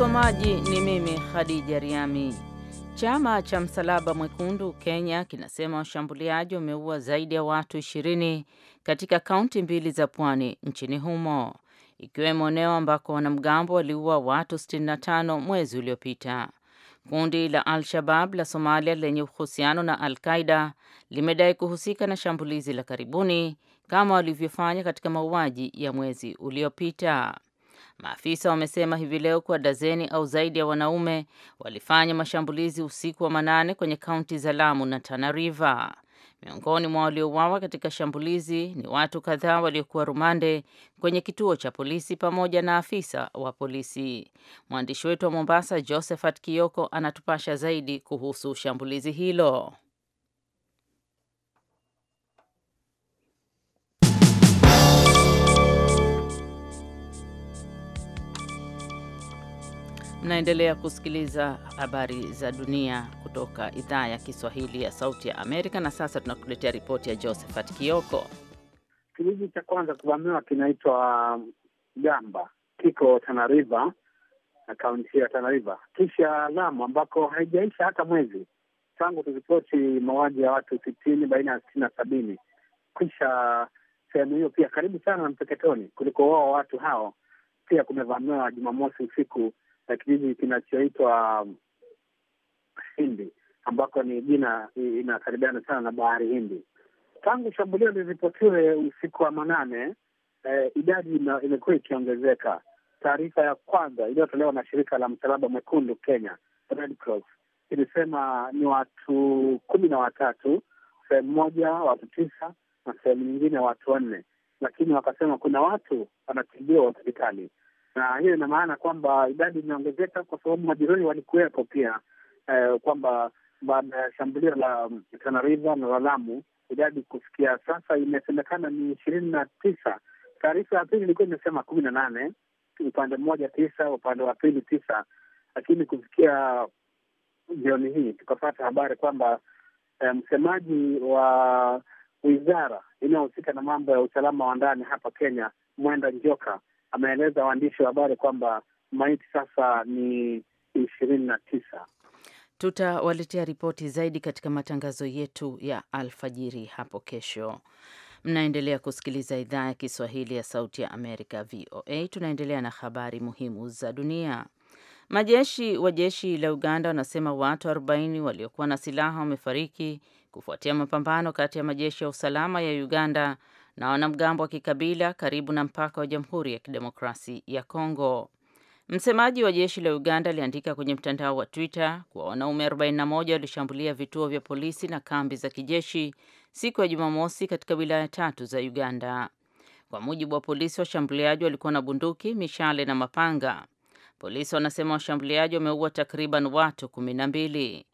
Msomaji ni mimi Khadija Riami. Chama cha Msalaba Mwekundu Kenya kinasema washambuliaji wameua zaidi ya watu 20 katika kaunti mbili za pwani nchini humo, ikiwemo eneo ambako wanamgambo waliua watu 65 mwezi uliopita. Kundi la Al-Shabab la Somalia lenye uhusiano na Al-Qaida limedai kuhusika na shambulizi la karibuni kama walivyofanya katika mauaji ya mwezi uliopita. Maafisa wamesema hivi leo kuwa dazeni au zaidi ya wanaume walifanya mashambulizi usiku wa manane kwenye kaunti za Lamu na Tana River. Miongoni mwa waliouawa katika shambulizi ni watu kadhaa waliokuwa rumande kwenye kituo cha polisi pamoja na afisa wa polisi. Mwandishi wetu wa Mombasa Josephat Kioko anatupasha zaidi kuhusu shambulizi hilo. Mnaendelea kusikiliza habari za dunia kutoka idhaa ya Kiswahili ya Sauti ya Amerika. Na sasa tunakuletea ripoti ya Josephat Kioko. Kijiji cha kwanza kuvamiwa kinaitwa Gamba, kiko Tanariva na kaunti ya Tanariva, kisha Lamu ambako haijaisha hata mwezi tangu turipoti mauaji ya watu sitini baina ya sitini na sabini kisha sehemu hiyo pia karibu sana na Mpeketoni kuliko wao watu hao pia kumevamiwa Jumamosi usiku ya kijiji kinachoitwa Hindi ambako ni jina inakaribiana sana na bahari Hindi. Tangu shambulio liripotiwe usiku wa manane, eh, idadi imekuwa ikiongezeka. Taarifa ya kwanza iliyotolewa na shirika la Msalaba Mwekundu Kenya, Red Cross, ilisema ni watu kumi na watatu sehemu moja, watu tisa na sehemu nyingine watu wanne, lakini wakasema kuna watu wanatibiwa hospitali na hiyo ina maana kwamba idadi imeongezeka kwa sababu majeruhi walikuwepo pia, eh, kwamba baada ya shambulio la tanariva na la idadi kufikia sasa imesemekana ni ishirini na tisa. Taarifa ya pili ilikuwa imesema kumi na nane, upande mmoja tisa, upande wa pili tisa, lakini kufikia jioni hii tukapata habari kwamba eh, msemaji wa wizara inayohusika na mambo ya usalama wa ndani hapa Kenya Mwenda Njoka ameeleza waandishi wa habari kwamba maiti sasa ni ishirini na tisa. Tutawaletea ripoti zaidi katika matangazo yetu ya alfajiri hapo kesho. Mnaendelea kusikiliza idhaa ya Kiswahili ya Sauti ya Amerika, VOA. Tunaendelea na habari muhimu za dunia. Majeshi wa jeshi la Uganda wanasema watu 40 waliokuwa na silaha wamefariki kufuatia mapambano kati ya majeshi ya usalama ya Uganda na wanamgambo wa kikabila karibu na mpaka wa Jamhuri ya Kidemokrasi ya Kongo. Msemaji wa jeshi la Uganda aliandika kwenye mtandao wa Twitter kuwa wanaume 41 walishambulia vituo vya polisi na kambi za kijeshi siku ya Jumamosi katika wilaya tatu za Uganda. Kwa mujibu wa polisi, washambuliaji walikuwa na bunduki, mishale na mapanga. Polisi wanasema washambuliaji wameua takriban watu kumi na mbili.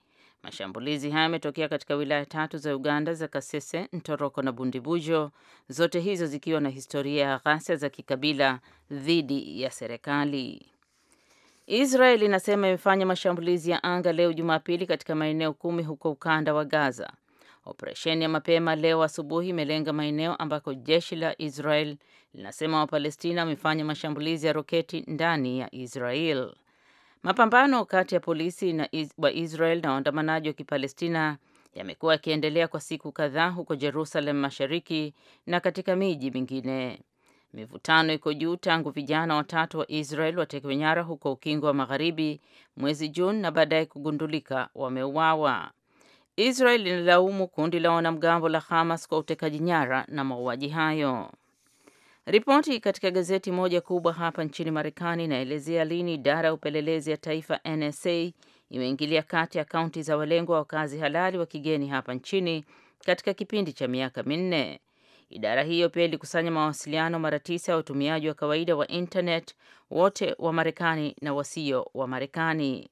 Mashambulizi haya yametokea katika wilaya tatu za Uganda za Kasese, Ntoroko na Bundibujo, zote hizo zikiwa na historia ya ghasia za kikabila dhidi ya serikali. Israel inasema imefanya mashambulizi ya anga leo Jumapili katika maeneo kumi huko ukanda wa Gaza. Operesheni ya mapema leo asubuhi imelenga maeneo ambako jeshi la Israel linasema Wapalestina wamefanya mashambulizi ya roketi ndani ya Israel. Mapambano kati ya polisi na iz wa Israel na waandamanaji wa Kipalestina yamekuwa yakiendelea kwa siku kadhaa huko Jerusalem Mashariki na katika miji mingine. Mivutano iko juu tangu vijana watatu wa Israel watekwe nyara huko Ukingo wa Magharibi mwezi Juni na baadaye kugundulika wameuawa. Israel inalaumu kundi la wanamgambo la Hamas kwa utekaji nyara na mauaji hayo. Ripoti katika gazeti moja kubwa hapa nchini Marekani inaelezea lini idara ya upelelezi ya taifa NSA imeingilia kati akaunti za walengwa wa kazi halali wa kigeni hapa nchini katika kipindi cha miaka minne. Idara hiyo pia ilikusanya mawasiliano mara tisa ya watumiaji wa kawaida wa internet wote wa Marekani na wasio wa Marekani.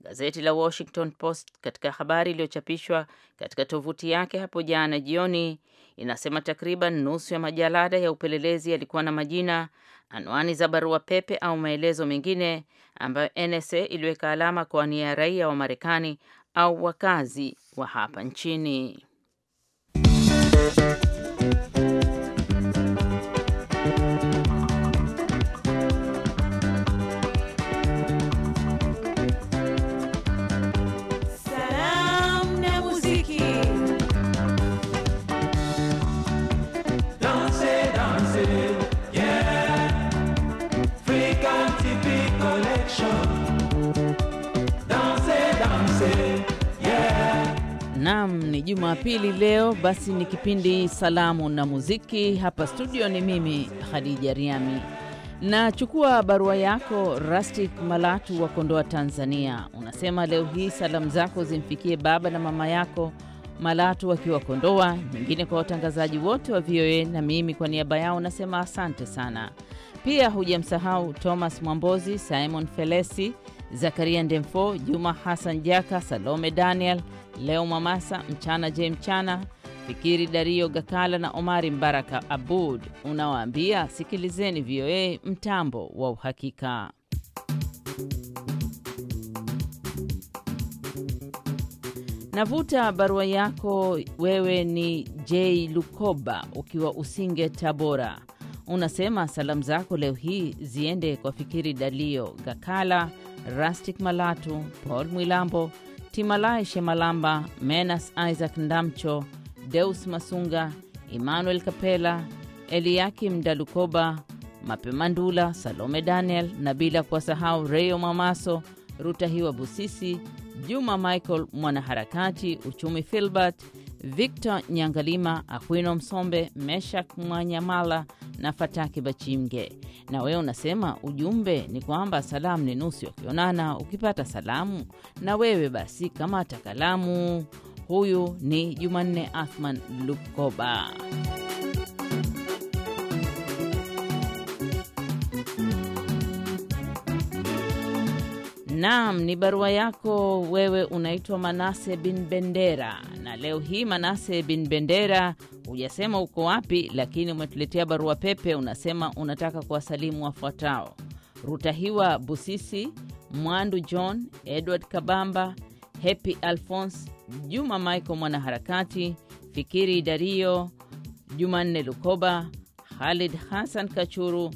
Gazeti la Washington Post katika habari iliyochapishwa katika tovuti yake hapo jana jioni inasema takriban nusu ya majalada ya upelelezi yalikuwa na majina, anwani za barua pepe au maelezo mengine ambayo NSA iliweka alama kwa nia ya raia wa Marekani au wakazi wa hapa nchini. Naam, ni Jumapili leo, basi ni kipindi salamu na muziki. Hapa studio ni mimi Khadija Riami. Nachukua barua yako Rastic Malatu wa Kondoa, Tanzania. Unasema leo hii salamu zako zimfikie baba na mama yako Malatu wakiwa Kondoa, nyingine kwa watangazaji wote wa VOA na mimi kwa niaba yao nasema asante sana. Pia hujamsahau Thomas Mwambozi, Simon Felesi Zakaria Ndemfo, Juma Hassan Jaka, Salome Daniel, Leo Mamasa, Mchana Je Mchana, Fikiri Dario Gakala na Omari Mbaraka Abud. Unawaambia sikilizeni VOA mtambo wa uhakika. Navuta barua yako. Wewe ni J Lukoba ukiwa Usinge, Tabora. Unasema salamu zako leo hii ziende kwa Fikiri Dalio Gakala, Rastik Malatu, Paul Mwilambo, Timalai Shemalamba, Menas Isaac Ndamcho, Deus Masunga, Emmanuel Kapela, Eliakim Dalukoba, Mapema Ndula, Salome Daniel na bila kuwasahau Reyo Mamaso, hiwa Busisi, Juma Michael mwanaharakati uchumi, Filbert Victor Nyangalima, Akwino Msombe, Meshak Mwanyamala na Fataki Bachimge. Na wewe unasema ujumbe ni kwamba salamu ni nusu ya kuonana. Ukipata salamu na wewe basi kamata kalamu. Huyu ni Jumanne Athman Lukoba. Naam, ni barua yako. Wewe unaitwa Manase bin Bendera, na leo hii Manase bin Bendera, hujasema uko wapi, lakini umetuletea barua pepe. Unasema unataka kuwasalimu wafuatao: Rutahiwa Busisi, Mwandu John, Edward Kabamba, Happy Alphonse, Juma Michael mwanaharakati, Fikiri Dario, Jumanne Lukoba, Khalid Hassan Kachuru,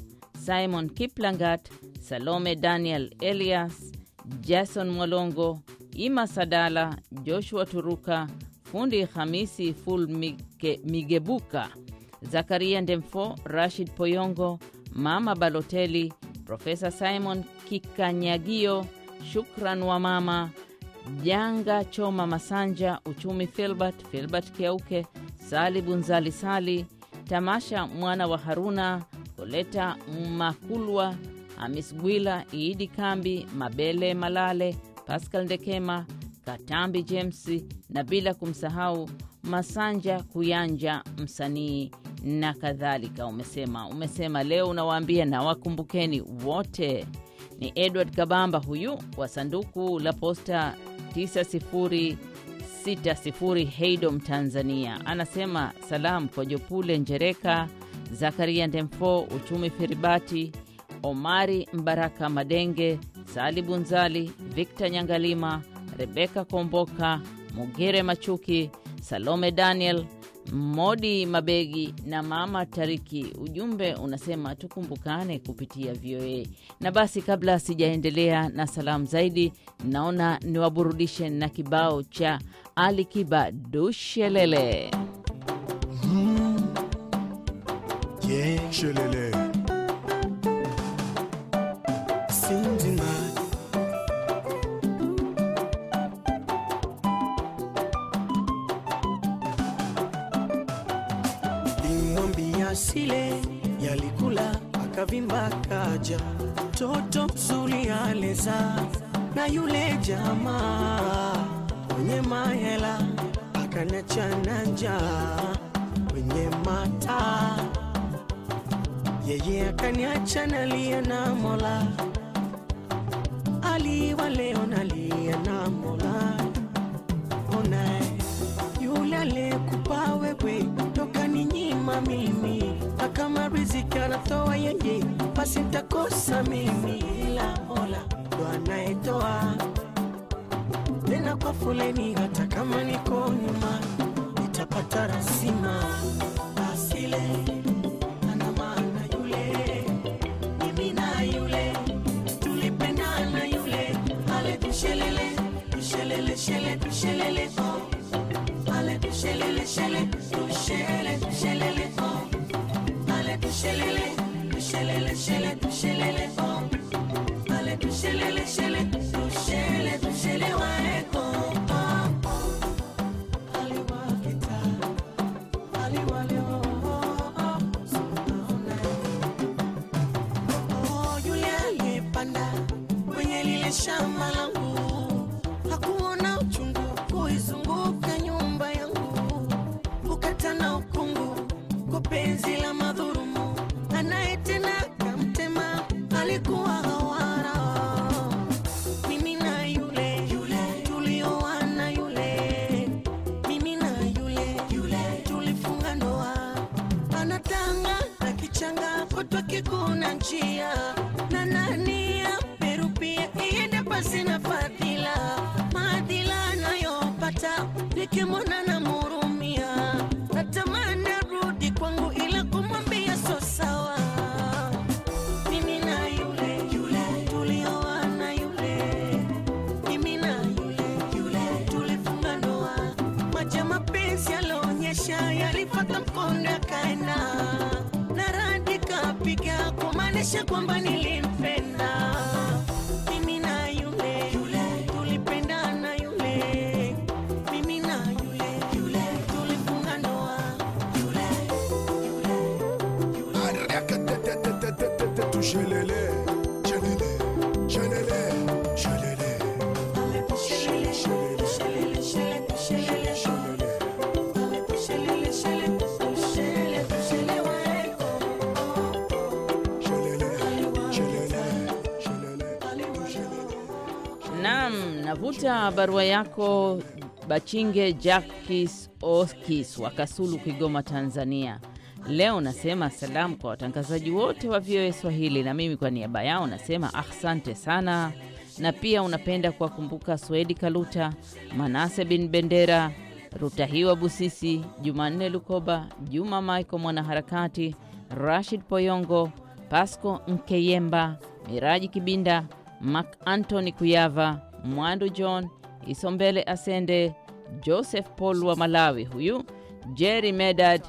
Simon Kiplangat, Salome Daniel Elias Jason Mwalongo, Ima Sadala, Joshua Turuka, Fundi Hamisi Ful Mige, Migebuka, Zakaria Ndemfo, Rashid Poyongo, Mama Baloteli, Profesa Simon Kikanyagio, Shukran wa Mama Janga Choma Masanja, Uchumi Filbert, Filbert Kiauke, Sali Bunzali Sali, Tamasha Mwana wa Haruna, Koleta Makulwa amis Gwila, Idi Kambi, Mabele Malale, Pascal Ndekema, Katambi James na bila kumsahau Masanja Kuyanja msanii na kadhalika. Umesema umesema leo unawaambia na wakumbukeni wote. Ni Edward Kabamba huyu wa sanduku la posta 9060 Heidom, Tanzania, anasema salamu kwa Jopule Njereka, Zakaria Ndemfo, Uchumi firibati Omari Mbaraka Madenge, Sali Bunzali, Victa Nyangalima, Rebeka Komboka, Mugere Machuki, Salome Daniel, Modi Mabegi na Mama Tariki. Ujumbe unasema tukumbukane kupitia VOA. Na basi, kabla sijaendelea na salamu zaidi, naona niwaburudishe na kibao cha Ali Kiba Dushelele. Hmm. Yeah. giza na yule jamaa mwenye mahela akaniacha na njaa kwenye mata, yeye akaniacha nalia na Mola aliwa muziki anatoa yeye, basi nitakosa mimi, ila Mola ndo anayetoa tena kwa foleni, hata kama niko nyuma nitapata rasima asile Shelele, shelele, shelele, oh. Ale, shelele, shelele. Shillele, shillele, shelele, shillele, bon. Allez, shillele, shelele. kuhakikisha kwamba ni Tumepata barua yako Bachinge Jakis Okis wa Kasulu, Kigoma, Tanzania. Leo nasema salamu kwa watangazaji wote wa VOA e Swahili, na mimi kwa niaba yao nasema asante sana, na pia unapenda kuwakumbuka Swedi Kaluta, Manase bin Bendera, Rutahiwa Busisi, Jumanne Lukoba, Juma Maiko mwanaharakati, Rashid Poyongo, Pasco Nkeyemba, Miraji Kibinda, Mak Antony Kuyava Mwandu John, Isombele Asende, Joseph Paul wa Malawi huyu, Jerry Medad,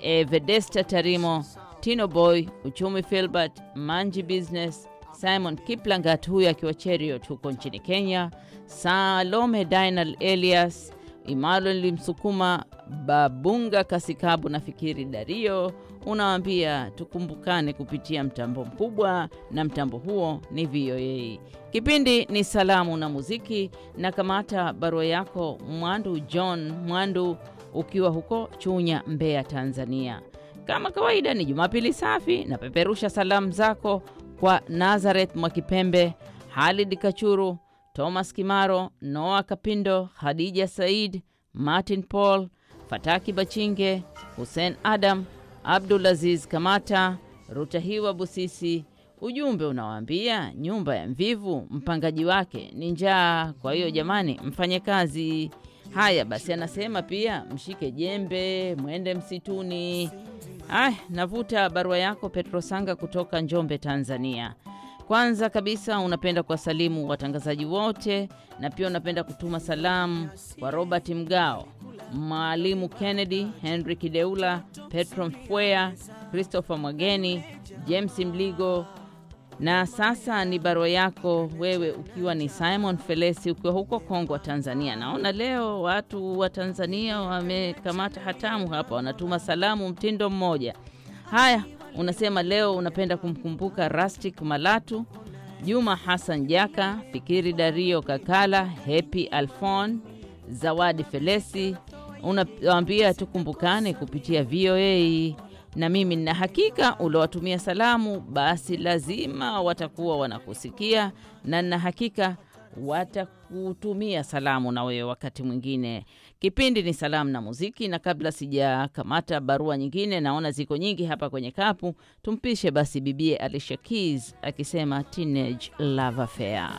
evedesta Tarimo, Tino Boy, Uchumi Filbert, Manji Business, Simon Kiplangat huyu akiwa Cheriot huko nchini Kenya, Salome Dinal Elias Imalo nilimsukuma Babunga Kasikabu na Fikiri Dario, unawaambia tukumbukane kupitia mtambo mkubwa, na mtambo huo ni VOA. Kipindi ni salamu na muziki, na kamata barua yako Mwandu John Mwandu, ukiwa huko Chunya, Mbeya, Tanzania. Kama kawaida ni Jumapili safi, napeperusha salamu zako kwa Nazareth Mwakipembe, Halid Kachuru, Thomas Kimaro, Noah Kapindo, Hadija Said, Martin Paul, Fataki Bachinge, Hussein Adam, Abdulaziz Kamata, Rutahiwa Busisi. Ujumbe unawaambia nyumba ya mvivu mpangaji wake ni njaa. Kwa hiyo jamani, mfanye kazi. Haya basi, anasema pia mshike jembe, mwende msituni. Ay, navuta barua yako Petro Sanga kutoka Njombe, Tanzania. Kwanza kabisa unapenda kuwasalimu watangazaji wote na pia unapenda kutuma salamu kwa Robert Mgao, Mwalimu Kennedy, Henry Kideula, Petro Mfwea, Christopher Mwageni, James Mligo. Na sasa ni barua yako wewe ukiwa ni Simon Felesi ukiwa huko Kongwa, Tanzania. Naona leo watu wa Tanzania wamekamata hatamu hapa, wanatuma salamu mtindo mmoja. Haya, unasema leo unapenda kumkumbuka Rustic Malatu, Juma Hassan Jaka, Fikiri Dario Kakala, Happy Alfon, Zawadi Felesi. Unawaambia tukumbukane kupitia VOA na mimi nina hakika uliwatumia salamu, basi lazima watakuwa wanakusikia na nina hakika watakutumia salamu na wewe wakati mwingine. Kipindi ni salamu na muziki, na kabla sijakamata barua nyingine, naona ziko nyingi hapa kwenye kapu, tumpishe basi bibie Alicia Keys akisema Teenage Love Affair.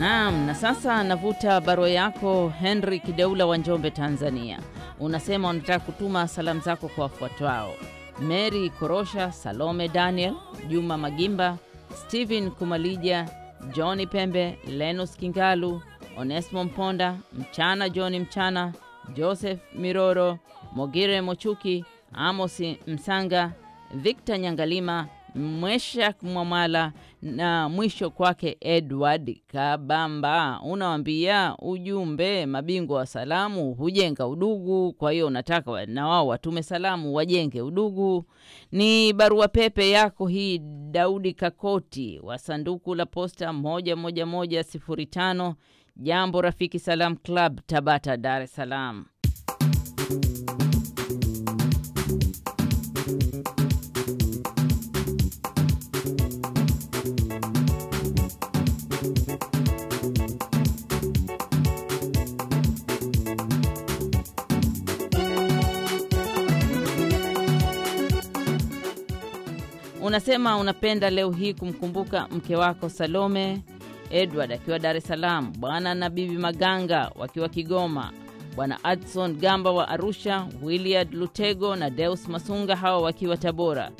Naam, na sasa navuta barua yako Henry Kideula wa Njombe, Tanzania. Unasema unataka kutuma salamu zako kwa wafuatao: Mary Korosha, Salome Daniel, Juma Magimba, Steven Kumalija, Johni Pembe, Lenus Kingalu, Onesmo Mponda, Mchana Johni Mchana, Joseph Miroro, Mogire Mochuki, Amosi Msanga, Victor Nyangalima Mweshak Mwamala na mwisho kwake Edward Kabamba. Unawambia ujumbe, mabingwa wa salamu hujenga udugu. Kwa hiyo unataka na wao watume salamu, wajenge udugu. Ni barua pepe yako hii, Daudi Kakoti wa sanduku la posta moja moja moja sifuri tano Jambo Rafiki Salam Club, Tabata, Dar es Salaam. Unasema unapenda leo hii kumkumbuka mke wako Salome Edward akiwa Dar es Salaam, bwana na bibi Maganga wakiwa Kigoma, bwana Adson Gamba wa Arusha, Willard Lutego na Deus Masunga hawa wakiwa Tabora,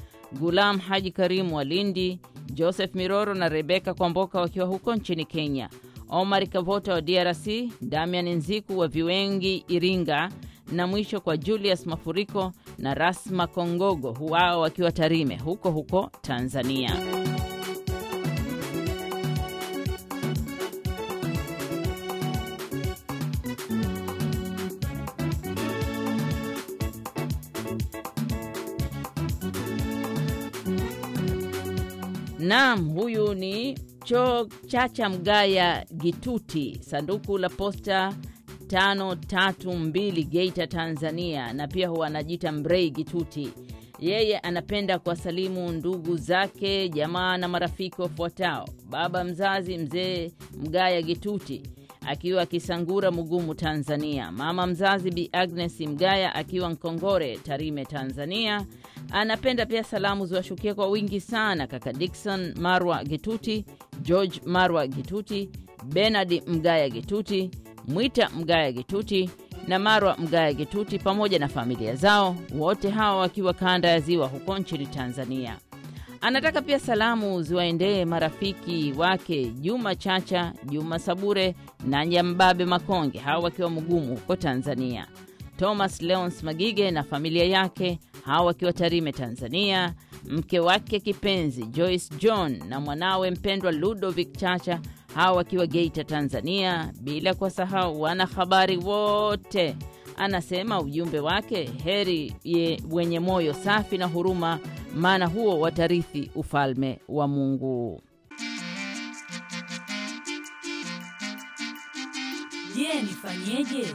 Gulam Haji Karimu wa Lindi, Joseph Miroro na Rebeka Kwamboka wakiwa huko nchini Kenya, Omar Kavota wa DRC, Damian Nziku wa Viwengi Iringa, na mwisho kwa Julius Mafuriko na Rasma Kongogo, wao wakiwa Tarime huko huko Tanzania. Naam, huyu ni Cho Chacha Mgaya Gituti, sanduku la posta 532 Geita, Tanzania, na pia huwa anajiita Mbrei Gituti. Yeye anapenda kuwasalimu ndugu zake, jamaa na marafiki wafuatao: baba mzazi mzee Mgaya Gituti akiwa Kisangura Mugumu, Tanzania, mama mzazi Bi Agnes Mgaya akiwa Nkongore, Tarime, Tanzania. Anapenda pia salamu ziwashukia kwa wingi sana kaka Dikson Marwa Gituti, George Marwa Gituti, Benard Mgaya Gituti Mwita Mgaya Gituti na Marwa Mgaya Gituti pamoja na familia zao, wote hawa wakiwa kanda ya Ziwa huko nchini Tanzania. Anataka pia salamu ziwaendee marafiki wake Juma Chacha, Juma Sabure na Nyambabe Makonge, hawa wakiwa Mgumu huko Tanzania, Thomas Leons Magige na familia yake, hawa wakiwa Tarime Tanzania, mke wake kipenzi Joyce John na mwanawe mpendwa Ludovic Chacha hawa wakiwa Geita, Tanzania, bila kuwasahau wanahabari wote. Anasema ujumbe wake, heri ye wenye moyo safi na huruma, maana huo watarithi ufalme wa Mungu. Je, nifanyeje?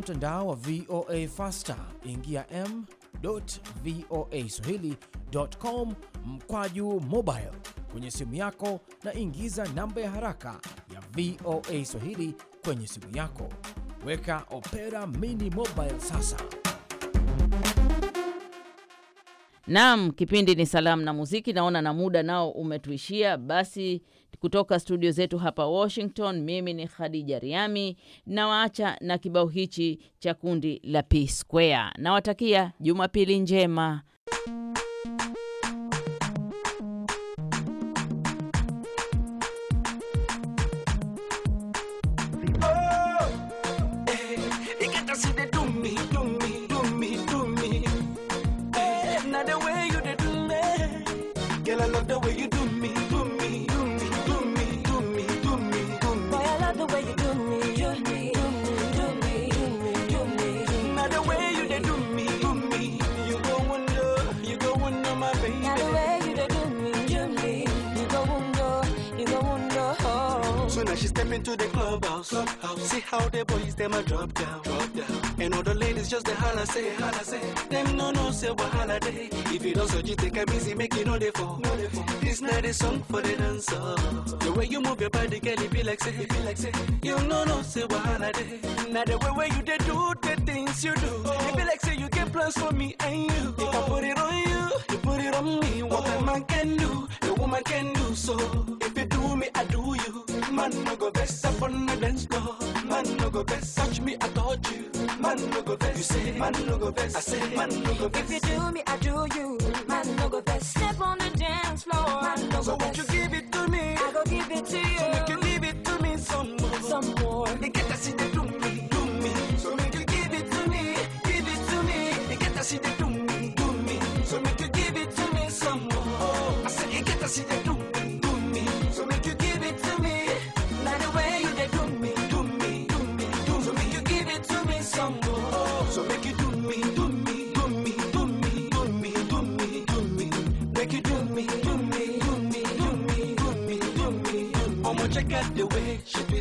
mtandao wa VOA fasta, ingia m.voaswahili.com mkwaju mobile kwenye simu yako na ingiza namba ya haraka ya VOA Swahili kwenye simu yako. Weka Opera Mini Mobile sasa. Naam, kipindi ni salamu na muziki. Naona na muda nao umetuishia, basi kutoka studio zetu hapa Washington, mimi ni Khadija Riami na na kibao hichi cha kundi la P Square. Nawatakia Jumapili njema. clubhouse. See how the boys them a drop down, drop down. And all the ladies just the holla say, holla say. Them no no say wahala day. If you don't so you take a busy, making all know they fall. This not a song for the dancer. The way you move your body, girl, it be like say, it be like say. You no no say wahala holiday. Now the way where you they do the things you do, oh. it be like say you get plans for me and you. Oh. If I put it on you, you put it on me. What oh. a man can do, the woman can do so. If you do me, I do you. Man no go best up on the dance floor. Man no go best touch me, I told you. Man no go best. you say. Man no go best. I say. Man no go best. If you do me, I do you. Man no go best step on the dance floor. Man no go So won't you give it to me? I go give it to you. So make you give it to me some more. Some more. You get to see the do me, do me. So make you give it to me, give it to me. You get to see the do me, do me. So make you give it to me some more. I said you get to see the do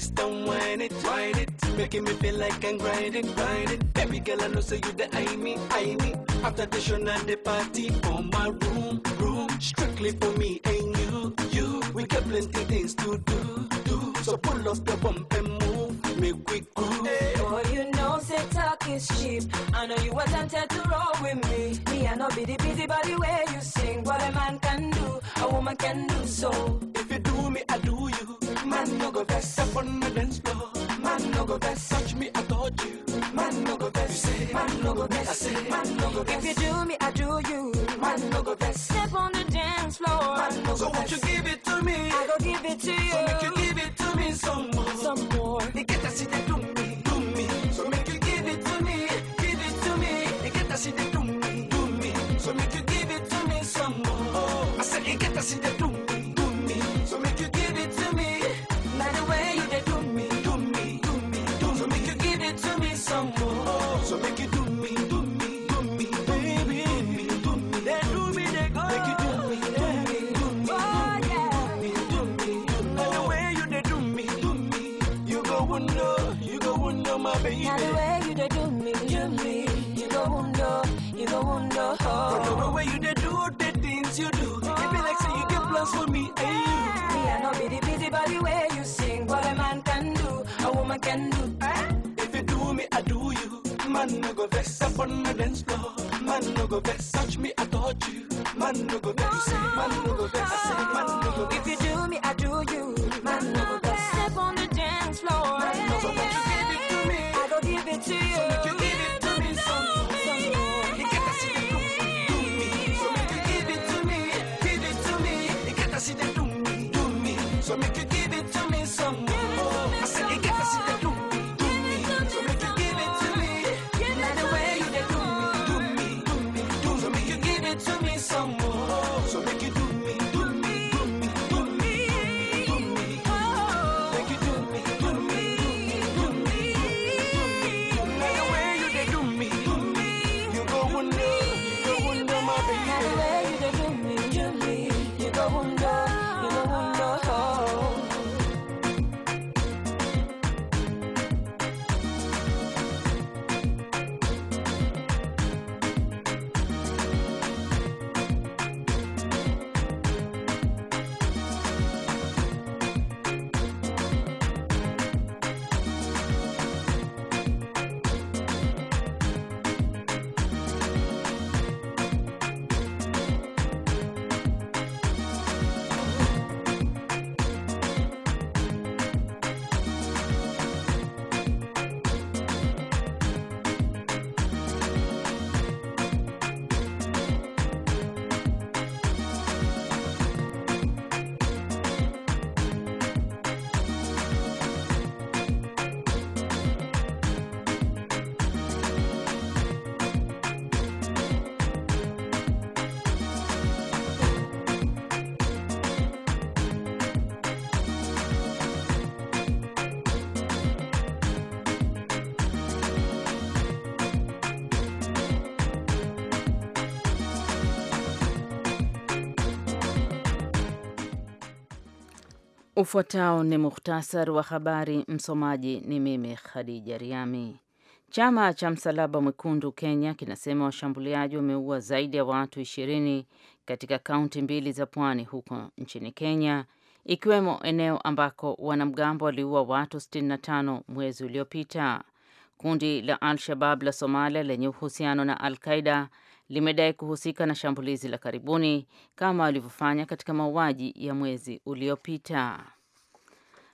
don't whine it, whine it. Making me feel like I'm grinding, grinding. Baby girl, I know say so you the I me, I me. After the show not the party, for my room, room. Strictly for me and you, you. We got plenty things to do, do. So pull off the bump and move, make we groove. Hey. you know say talk is cheap. I know you were tempted to roll with me. Me, I know be the busy body where you sing. What a man can do, a woman can do so. If you do me, I do you. Man no go best step on the dance floor. Man no go best touch me, I touch you. Man no go best you say. Man no go best I say. Man no go best If you do me, I do you. Man no go best Step on the dance floor. Man no go so won't you give it to me? I go give it to you. So make you give it to me some more. Some more. They get to see they do me, to me. So make you give it to me, give it to me. They get to see they do me, to me. So make you give it to me some more. Oh, I said you get to see they do me. the way you dey do me, do me. You go wonder, you go wonder. Oh. From the way you dey do the things you do, oh. it be like say you get plans for me and eh? you. Me I no be the busy body way you sing. What a man can do, a woman can do. Eh? If you do me, I do you. Man no go vex upon my dance floor. Man no go vex, touch me, I touch you. Man no go vex, man no go vex, man no go vex. If you do me, I do you. Ufuatao ni muhtasari wa habari. Msomaji ni mimi Khadija Riami. Chama cha Msalaba Mwekundu Kenya kinasema washambuliaji wameua zaidi ya watu ishirini katika kaunti mbili za pwani huko nchini Kenya, ikiwemo eneo ambako wanamgambo waliua watu 65 mwezi uliopita. Kundi la Al-Shabab la Somalia lenye uhusiano na Al-Qaida limedai kuhusika na shambulizi la karibuni kama walivyofanya katika mauaji ya mwezi uliopita.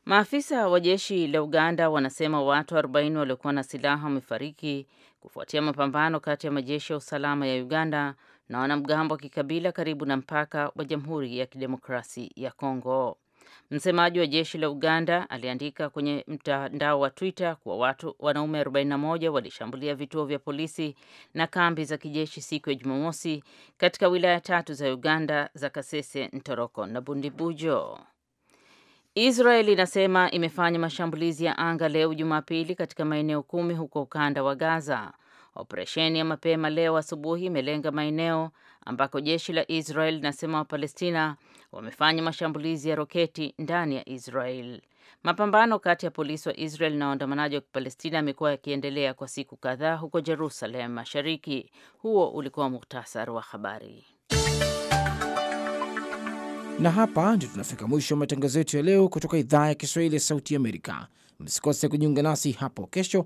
Maafisa wa jeshi la Uganda wanasema watu 40 waliokuwa na silaha wamefariki kufuatia mapambano kati ya majeshi ya usalama ya Uganda na wanamgambo wa kikabila karibu na mpaka wa Jamhuri ya Kidemokrasi ya Kongo. Msemaji wa jeshi la Uganda aliandika kwenye mtandao wa Twitter kuwa watu wanaume 41 walishambulia vituo vya polisi na kambi za kijeshi siku ya Jumamosi katika wilaya tatu za Uganda za Kasese, Ntoroko na Bundibujo. Israel inasema imefanya mashambulizi ya anga leo Jumapili katika maeneo kumi huko ukanda wa Gaza Operesheni ya mapema leo asubuhi imelenga maeneo ambako jeshi la Israel linasema Wapalestina wamefanya mashambulizi ya roketi ndani ya Israel. Mapambano kati ya polisi wa Israel na waandamanaji wa Kipalestina yamekuwa yakiendelea kwa siku kadhaa huko Jerusalem Mashariki. Huo ulikuwa muhtasari wa habari, na hapa ndio tunafika mwisho wa matangazo yetu ya leo kutoka idhaa ya Kiswahili ya Sauti Amerika. Msikose kujiunga nasi hapo kesho